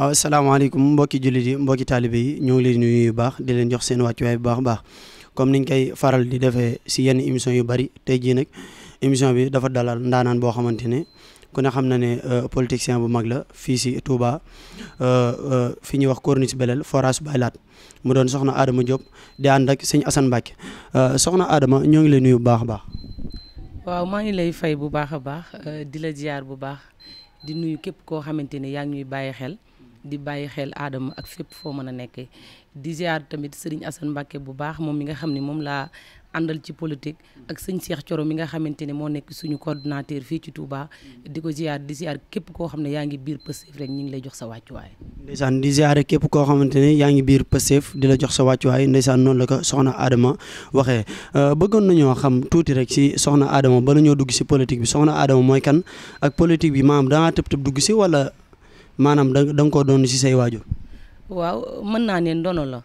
waaw asalaamaaleykum mbokki jullit yi mbokki taalibe yi ñoo ngi lay nuyu yu baax di leen jox seen wàccuwaay bu baax a baax comme niñ koy faral di defee si yenn émission yu bari tey jii nag émission bi dafa dalal ndaanaan boo xamante ne ku ne xam na ne euh, politicien bu mag la fii si Touba euh, euh, fi ñuy wax corniche belel forage baylaat mu doon soxna Adama Diop di ànd ak sëñ Assane Mbacke soxna Adama ñoo ngi leen nuyu bu baax a baax. waaw maa ngi lay fay bu baax a baax di la ziar bu baax di nuyu képp koo xamante ne yaa ngi bàyyi xel. di bàyyi xel aadama ak fépp foo mën a nekkee di ziar tamit Serigne Assane Mbacke bu baax moom mi nga xam ne moom laa àndal ci politique ak sëñ Cheikh Thioro mi nga xamante ne moo nekk suñu coordinateur fii ci Touba di ko ziar di ziar képp koo xam ne yaa ngi biir Pastef rek ñu ngi lay jox sa wàccuwaay. ndeysaan di ziare képp koo xamante ne yaa ngi biir Pastef di la sa wàccuwaay ndeysaan noonu la ko soxna Adama waxee euh, bëggoon nañoo xam tuuti rek si soxna Adama bala ñoo dugg si politique bi soxna Adama mooy kan ak politique bi maam dangaa tëb maanaam da nga koo doon ci say waajur. waaw mën naa ne ndono la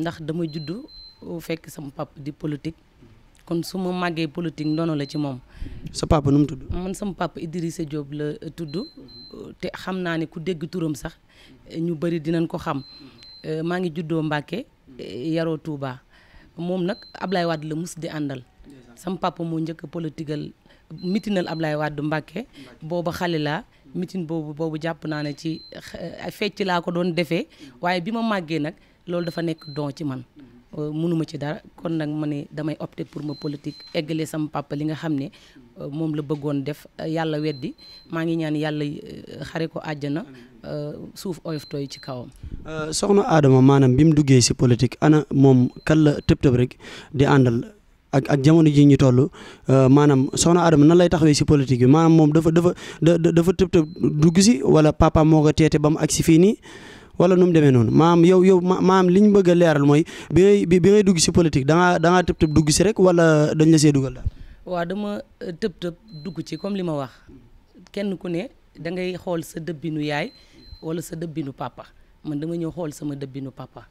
ndax dama juddu fekk sama papa di politique kon su ma màggee politique ndono la ci moom. sa papa nu mu tudd. man sama papa Idrissa Diop la tudd te xam naa ne ku dégg turam sax ñu bari dinañ ko xam euh, maa ngi juddoo Mbacke euh, yaroo Touba moom nag Ablaye Wade la mus di àndal. sama papa moo njëkk a politigal mitinal Ablaye Wade Mbacke booba xale laa mitin boobu boobu jàpp naa ne ci eh, fecc laa ko doon defee waaye bi ma màggee nag loolu dafa nekk don ci man euh, mënuma ci dara kon nag ma ne damay opté pour ma politique eggale sama papa li nga xam ne euh, moom la bëggoon def euh, yàlla weddi maa ngi ñaan yàlla xare ko àjjana suuf oyof tooy ci kawam. soxna Adama maanaam bi mu duggee si politique ana moom kan la tëb tëb rek di àndal. ak ak jamono ji ñu toll euh, maanaam soxna Adama nan lay taxawee si politique bi maanaam moom dafa dafa dafa tëb tëb dugg si wala papa moo ko teete ba mu si fii nii wala nu mu demee noonu maam yow yow maam li ñu bëgg a leeral mooy bi ngay bi dugg si politique da ngaa da tëb tëb dugg si rek wala dañ la see dugal daal. waa dama euh, tëb tëb dugg ci comme li ma wax kenn ku ne da ngay xool sa dëbbinu yaay wala sa dëbbinu papa. man dama ñëw xool sama dëbbinu papa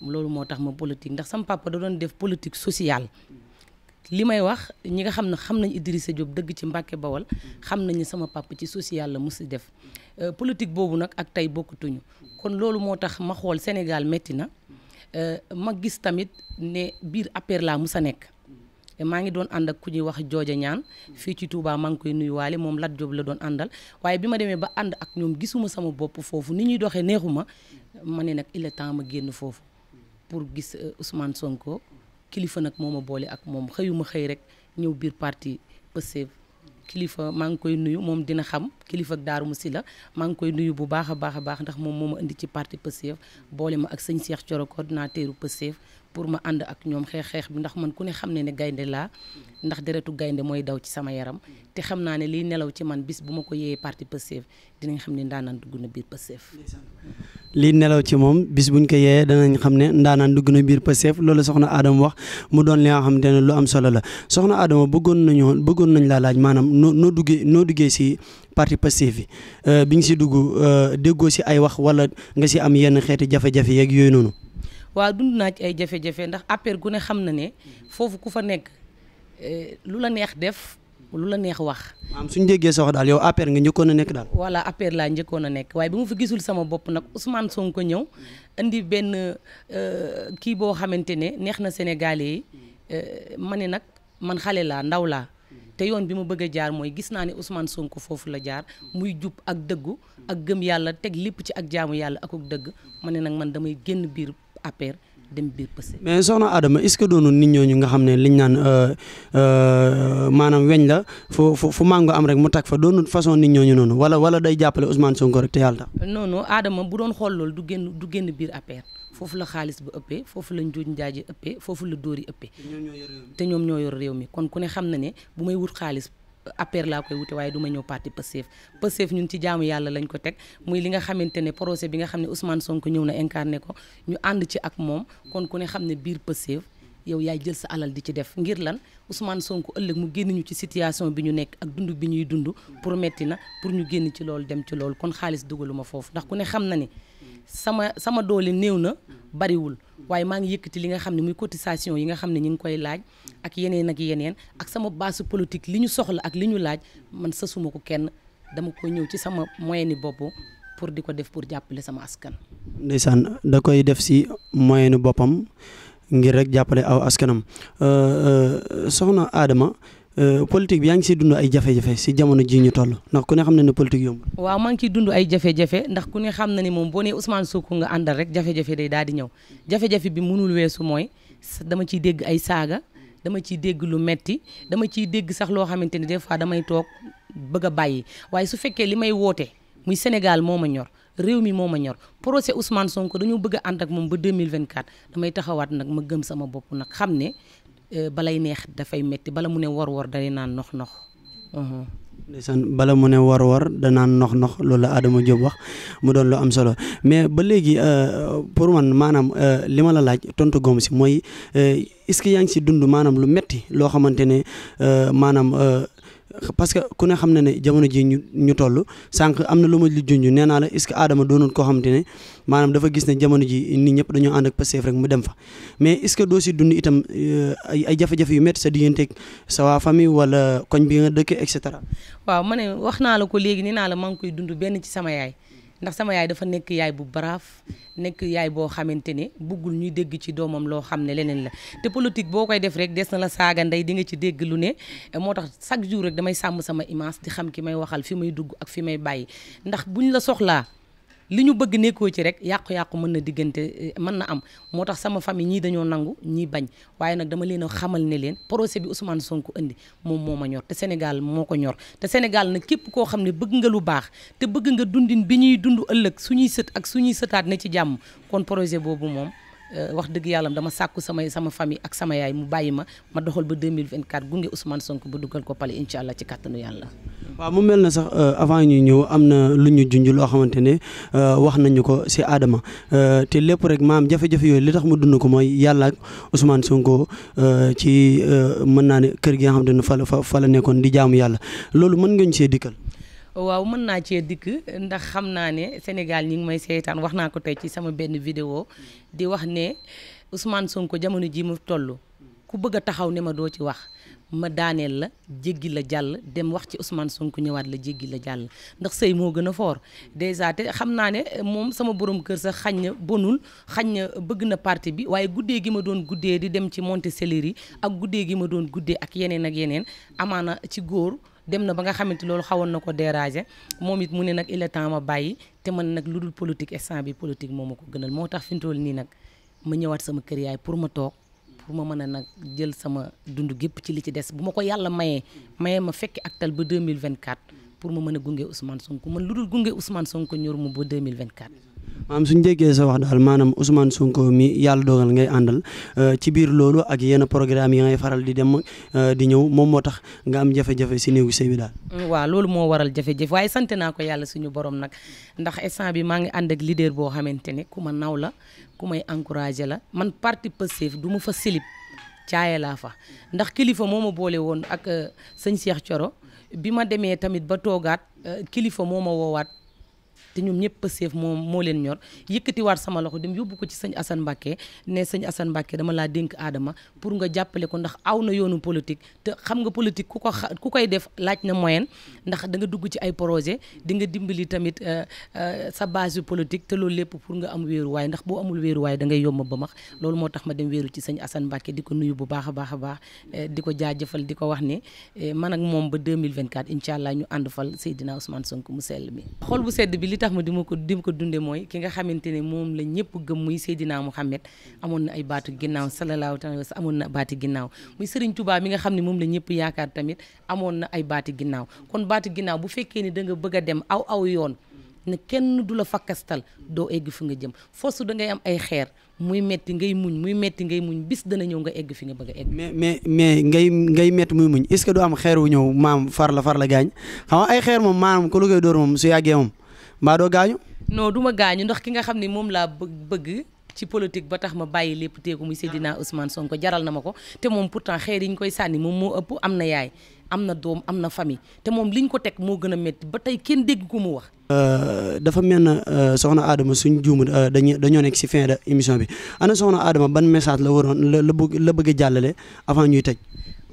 loolu moo tax ma politique ndax sama papa da def politique sociale li may wax ñi nga xam ne xam nañ Idrissa jóob dëgg ci Mbàkke Bawal xam nañu sama pàpp ci social la si def euh, politique boobu nag ak tey bokkatuñu kon loolu moo tax ma xool Sénégal métti na euh, ma gis tamit ne biir APR laa mu sa nekk maa ngi doon ànd ak ku ñuy wax jooja ñaan fii ci Touba maa ngi koy nuyuwaale moom Lat jóob la doon àndal waaye bi ma demee ba ànd ak ñoom gisuma sama bopp foofu ni ñuy doxee neexuma ma ne nag il est temps ma génn foofu pour gis euh, Ousmane Sonko kilifa nag moo ma boole ak moom xëyuma xëy rek ñëw biir parti Pastef kilifa maa ngi koy nuyu moom dina xam kilifa ak daaru Moussi la maa koy nuyu bu baax a baax a baax ndax moom moo ma indi ci parti Pastef boole ma ak sëñ Cheikh Thioro coordinateur Pastef pour ma ànd ak ñoom xeex xeex bi ndax man ku ne xam ne ne gaynde laa ndax deretu gaynde mooy daw ci sama yaram te xam naa ne liy nelaw ci man bis bu ma ko yéeyee parti Pastef dinañ xam ne ndaanaan dugg na biir Pastef liy nelaw ci moom bis buñ ko yéeyee danañ xam ne ndaanaan dugg na biir Pastef loolu soxna Adama wax mu doon li nga xamante ne lu am solo la soxna Adama bëggoon nañu bëggoon nañ laa laaj maanaam noo duggee noo duggee si partie Pastef yi bi ñu euh, si dugg euh, déggoo si ay wax wala nga si am yenn xeeti jafe-jafe yeeg yooyu noonu. waa dund naa ci ay jafe-jafe ndax APR gu ne xam na ne foofu ku fa nekk euh, lu la neex def lu la neex wax. suñ suñu déggee sa wax daal yow APR nga njëkkoon a nekk daal. voilà APR laa njëkkoon a nekk waaye bi mu fa gisul sama bopp nag Ousmane Sonko ñëw indi benn kii boo xamante ne neex na Sénégalais yi ma ne nag man xale laa ndaw laa. te yoon bi ma bëgg jaar mooy gis naa ne Ousmane Sonko foofu la jaar muy jub ak dëggu ak gëm yàlla teg lépp ci ak jaamu yàlla ak dëgg ma ne nag man damay génn biir APR dem biir Pastef mais soxna Adama est-ce que doonu nit ñooñu nga xam ne liñ naan euh, euh, maanaam weñ la fu fu fu mango am rek mu tag fa doonu façon nit ñooñu noonu wala wala day jàppale Ousmane Sonko rek te yàlla. non non Adama bu doon xool loolu du génn du génn biir APR. foofu la xaalis bu ëppee foofu la njuuj njaaj yi ëppee foofu la dóor yi ëppee te ñoom ñoo yor réew mi kon ku ne xam na ne bu may wut xaalis APR laa koy wute waaye duma ñëw parti Pastef Pastef ñun ci jaamu yàlla lañ ko teg muy li nga xamante ne projet bi nga xam ne Ousmane sonk ñëw na incarné ko ñu ànd ci ak moom kon ku ne xam ne biir Pastef yow yaay jël sa alal di ci def ngir lan Ousmane Sonko ëllëg mu génn ñu ci situation bi ñu nekk ak dund bi ñuy dund pour metti na pour ñu génn ci loolu dem ci loolu kon xaalis dugaluma foofu ndax ku ne xam na ni sama sama doole néew na bariwul waaye maa ngi yëkkati li nga xam ne muy cotisation yi nga xam ne ñu ngi koy laaj ak yeneen ak yeneen ak sama baas politique li ñu soxla ak li ñu laaj man sasuma ko kenn dama ko ñëw ci sama moyen ni bopp pour di ko def pour jàppale sama askan. ndeysaan da koy def si moyenu boppam ngir rek jàppale aw askanam euh, euh, soxna Adama euh, politique bi yaa ngi siy dund ay jafe-jafe si jamono ji ñu toll ndax ku ne xam na ne politique yomb. waaw maa ngi ciy dund ay jafe-jafe ne xam na ni moom boo nee Ousmane Sonko nga àndal rek jafe-jafe day daal di ñëw jafe-jafe bi mënul weesu mooy dama ciy dégg ay saaga dama ciy dégg lu metti dama ciy dégg sax loo xamante ni des fois damay toog bëgg a bàyyi waaye su fekkee li may woote. muy Sénégal moo ma ñor réew mi moo ma ñor procès Ousmane Sonko dañoo bëgg a ànd ak moom ba 2024 damay taxawaat nag ma gëm sama bopp nag xam ne euh, balay neex dafay metti bala mu ne wor day naan nox-nox. ndeysaan bala mu ne war-war danaan nox-nox loolu la Adama Diop wax mu doon lu am solo mais ba léegi euh, pour man maanaam euh, li ma la laaj tontu goom si mooy est yaa ngi si dund maanaam lu metti loo xamante ne maanaam. parce que ku ne xam na ne jamono ji ñu ñu toll sànq am na lu ma li junj nee naa la est-ce que Adama doonoon koo xamante ne maanaam dafa gis ne jamono ji nit ñëpp dañoo ànd ak Pastef rek mu dem fa mais est-ce que doo si dund itam euh, ay jafe-jafe yu métti sa digganteeg sa waa famille wala koñ bi nga dëkk et cetera. waaw ma ne wax naa la ko léegi nee naa la maa ngi koy dund benn ci sama yaay ndax sama yaay dafa nekk yaay bu brave nekk yaay boo xamante ne buggul ñuy dégg ci doomam loo xam ne leneen la te politique boo koy def rek des na la saaga ndey di nga ci dégg lu ne moo tax chaque jour rek damay sàmm sama image di xam ki may waxal fi may dugg ak fi may bàyyi ndax buñ la soxlaa li ñu bëgg nekkoo ci rek yàqu-yàqu mën na diggante eh, mën na am moo tax sama famille ñii dañoo nangu ñii bañ waaye nag dama leen a xamal ne leen procès bi Ousmane Sonko indi moom moo ma ñor te Sénégal moo ko ñor te Sénégal nag képp koo xam ne bëgg nga lu baax te bëgg nga dundin bi ñuy dund ëllëg suñuy sët ak suñuy sëtaat ne ci jàmm kon projet boobu moom Euh, wax dëgg yàlla dama sàkku samay sama famille ak sama yaay mu bàyyi ma ma doxal ba 2024 gunge Ousmane Sonko bu duggal ko pale incha allah ci kàttanu yàlla. waaw mu mel na sax euh, avant ñuy ñëw am na lu ñu junj loo xamante ne euh, wax nañu ko si Adama te lépp rek maam jafe-jafe yooyu li tax mu dund ko mooy yàlla ak Ousmane Sonko ci mën naa ne kër gi nga xamante ne fa la fa la nekkoon di jaamu yàlla loolu mën nga ñu see dikkal. waaw mën naa cee dikk ndax xam naa ne Sénégal ñi ngi may seetaan wax naa ko tey ci sama benn vidéo di wax ne usmaan Sonko jamono ji mu toll ku bëgg a taxaw ne ma doo ci wax ma daaneel la jéggi la jàll dem wax ci Ousmane Sonko ñëwaat la jéggi la jàll ndax sëy moo gën a foor dèjà te xam naa ne moom sama borom kër sax xañ na bonul xañ na bëgg na parti bi waaye guddee gi ma doon guddee di dem ci monté céleri ak guddee gi ma doon guddee ak yeneen ak yeneen amaana ci góor dem na ba nga xamante loolu xawoon na ko déranger moom it mu ne nag il est ma bàyyi te man nag lu dul politique instant bi politique moo ma ko gënal moo tax fi mu toll nii nag ma ñëwaat sama kër yaay pour ma toog pour ma mën a nag jël sama dund gépp ci li ci des bu ma ko yàlla mayee mayee ma fekki aktal ba 2024 pour ma mën a gunge Ousmane Sonko man lu dul gunge Ousmane Sonko ñor mu ba 2024 maanaam suñ déggee sa wax daal maanaam Ousmane Sonko mi yàlla dogal ngay àndal euh, ci biir loolu ak yenn programme yi ngay faral di dem euh, di ñëw moom moo tax nga am jafe-jafe si néegu sëy bi daal mm, waaw loolu moo waral jafe-jafe waaye sante naa ko yàlla suñu borom nag ndax instant bi maa ngi ànd ak leader boo xamante ne ku ma naw la ku may encouragé la man parti Pastef du ma fa silib caaye laa fa ndax kilifa moo ma boole woon ak euh, sëñ Cheikh coro bi ma demee tamit ba toogaat kilifa moo woowaat te ñoom ñëpp Pastef moo moo leen ñor yëkkatiwaat sama loxo dem yóbbu ko ci sëñ Assane Mbacké ne sëñ Assane Mbacké dama laa dénk aadama pour nga jàppale ko ndax aw na yoonu politique te xam nga politique ku ko ku koy def laaj na moyen ndax da nga dugg ci ay projet di nga dimbali tamit euh, euh, sa base yu politique te loolu lépp pour nga am wéeruwaay ndax boo amul wéeruwaay da ngay yomb ba max loolu moo tax ma dem wéeru ci sëñ Assane Mbacké di ko nuyu bu baax a a baax euh, ko jaajëfal di wax ne man moom ba 2024 incha allah ñu ànd fal Seydina Ousmane Sonko mu sell mi xol bu sedd tax ma di ma ko di ma ko dunde mooy ki nga xamante ne moom la ñëpp gëm muy Seydina Mouhamed amoon na ay baatu ginnaaw sallallahu alayhi wa sallam amoon na baati ginnaaw muy Serigne Touba mi nga xam ne moom la ñëpp yaakaar tamit amoon na ay baati ginnaaw kon baati ginnaaw bu fekkee ne da nga bëgg a dem aw aw yoon na kenn du la fakkastal doo egg fi nga jëm force da ngay am ay xeer muy metti ngay muñ muy metti ngay muñ bis dana ñëw nga egg fi nga bëgg a egg. mais mais mais ngay ngay metti muy muñ est-ce que du am xeer wu ñëw maam far la far la gaañ xam ay xeer moom maanaam ku koy dóor moom su yàggee moom. mbaa doo gaañu. non du ma gaañu ndax ki nga xam ni moom laa bëgg ci politique ba tax ma bàyyi lépp teeku muy Seydina Ousmane Sonko jaral na ma ko te moom pour pourtant xeer yi ñu koy sànni moom moo ëpp am na yaay am na doom am na famille te moom li ñu ko teg moo gën a metti ba tey kenn dégg ko mu wax. Euh, dafa mel ne euh, soxna Adama suñ juum euh, dañu dañoo nekk si fin de émission bi ana soxna Adama ban message la waroon la la bëgg a jàllale avant ñuy tëj.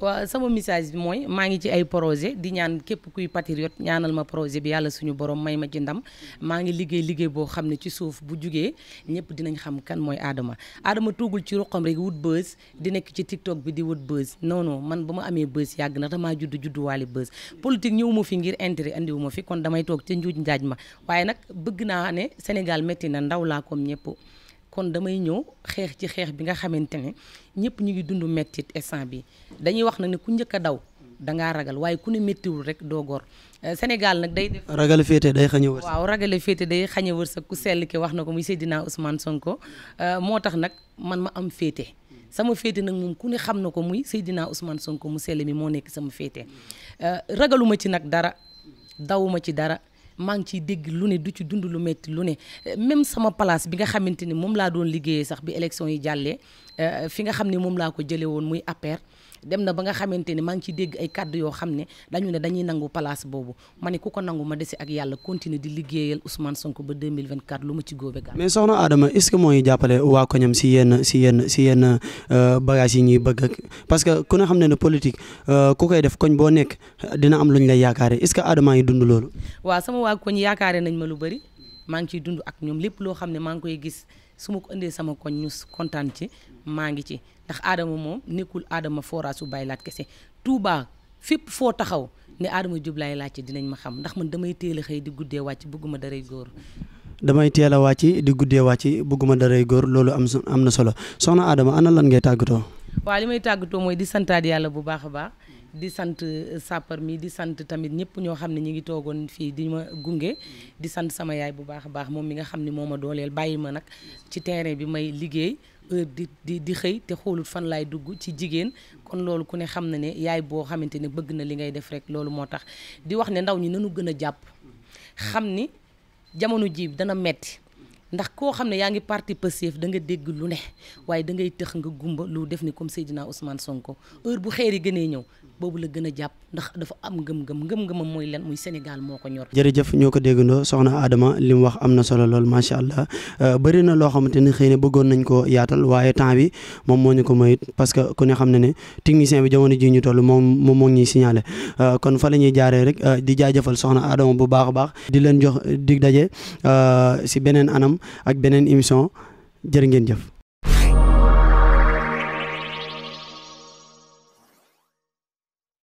waaw sama message bi mooy maa ngi ci ay projet di ñaan képp kuy patriote ñaanal ma projet bi yàlla suñu borom may ma ci ndam maa ngi liggéey liggéey boo xam ne ci suuf bu jugee ñëpp dinañ xam kan mooy aadama Adama toogul ci ruqam rek wut bës di nekk ci TikTok bi di wut bës non man ba ma amee bës yàgg na damaa juddu judduwaale bës politique ñëwuma fi ngir intérêt andiwuma fi kon damay toog ca njuuj njaaj ma waaye nag bëgg naa ne Sénégal métti na ndaw laa comme ñëpp kon damay ñëw xeex ci xeex bi nga xamante ne ñëpp ñu ngi dund mettit instant bi dañuy wax na ne ku njëkk a daw da ngaa ragal waaye ku ne méttiwul rek doo góor euh, Sénégal nag day def ragal féete day xañe wërsëg waaw ragale féete day xañe wërsëg ku sell ki wax na ko muy Seydina Ousmane Sonko euh, moo tax nag man ma am féete sama féete nag moom ku ne xam na ko muy Seydina Ousmane Sonko mu sell mi moo nekk sama féete euh, ragaluma ci nag dara dawuma ci dara maa ngi ciy dégg lu ne du ci dund lu métti lu ne même sama place bi nga xamante ni moom laa doon liggéeyee sax bi élection yi jàllee euh, fi nga xam ni moom laa ko jëlee woon muy APR dem na ba nga xamante ne maa ngi ci dégg ay kàddu yoo xam ne dañu ne dañuy nangu place boobu ma ne ku ko nangu ma dese ak yàlla continuer di liggéeyal Ousmane Sonko ba 2024 lu ma ci góobe gàll mais soxna Adama est ce que moo ngi jàppale waa koñam euh, parce que ku ne xam ne ne politique euh, ku koy def koñ boo nekk dina am lu ñu lay yaakaare est ce que Adama yi dund loolu waaw sama waa koñ yaakaare nañ ma lu bëri maa ngi dund ak ñoom lépp loo xam ne maa ngi koy gis su ma ko indee sama koñ ñu kontaan ci maa ngi ci ndax aadama moom nekkul aadama foraasu bàyyi laat kese Touba fépp foo taxaw ne aadama jublaay laajte dinañ ma xam ndax man damay teel a xëy di guddee wàcc bëgguma daray góor damay teel a wàcc di guddee wàcc bëgguma daray góor loolu am am na solo soxna aadama ana lan ngay tàggatoo waaw li may tàggatoo mooy di santaat yàlla bu baax a baax di sant euh, sàppar mi di sant tamit ñëpp ñoo xam ne ñu ngi toogoon fii di ma gunge di sant sama yaay bu baax a baax moom mi nga xam ni moo ma dooleel bàyyi ma nag ci terrain bi may liggéey di di di xëy te xoolut fan laay dugg ci jigéen kon loolu ku ne xam na ne yaay boo xamante ne bëgg na li ngay def rek loolu moo tax di wax ne ndaw ñi nanu gën a jàpp xam ni jamono ji dana metti ndax koo xam ne yaa ngi parti Pastef da nga dégg lu ne waaye dangay ngay tëx nga gumba lu def ni comme Seydina Ousmane Sonko heure bu xeer yi gënee ñëw boobu la gën a jàpp ndax dafa am ngëm-ngëm ngëm-ngëmam mooy len muy Sénégal moo ko ñor. jërëjëf ñoo ko déggandoo soxna Adama li mu wax am na solo lool macha allah euh, bëri na loo xamante ni xëy na bëggoon nañ ko yaatal waaye temps bi moom moo ñu ko mayit parce que ku ne xam ne ne technicien bi jamono ji ñu toll moom moom moo ngi ñuy signalé euh, kon fa la ñuy jaaree rek euh, di jaajëfal soxna Adama bu baax a baax di leen jox dig daje si beneen anam ak beneen émission jërë ngeen jëf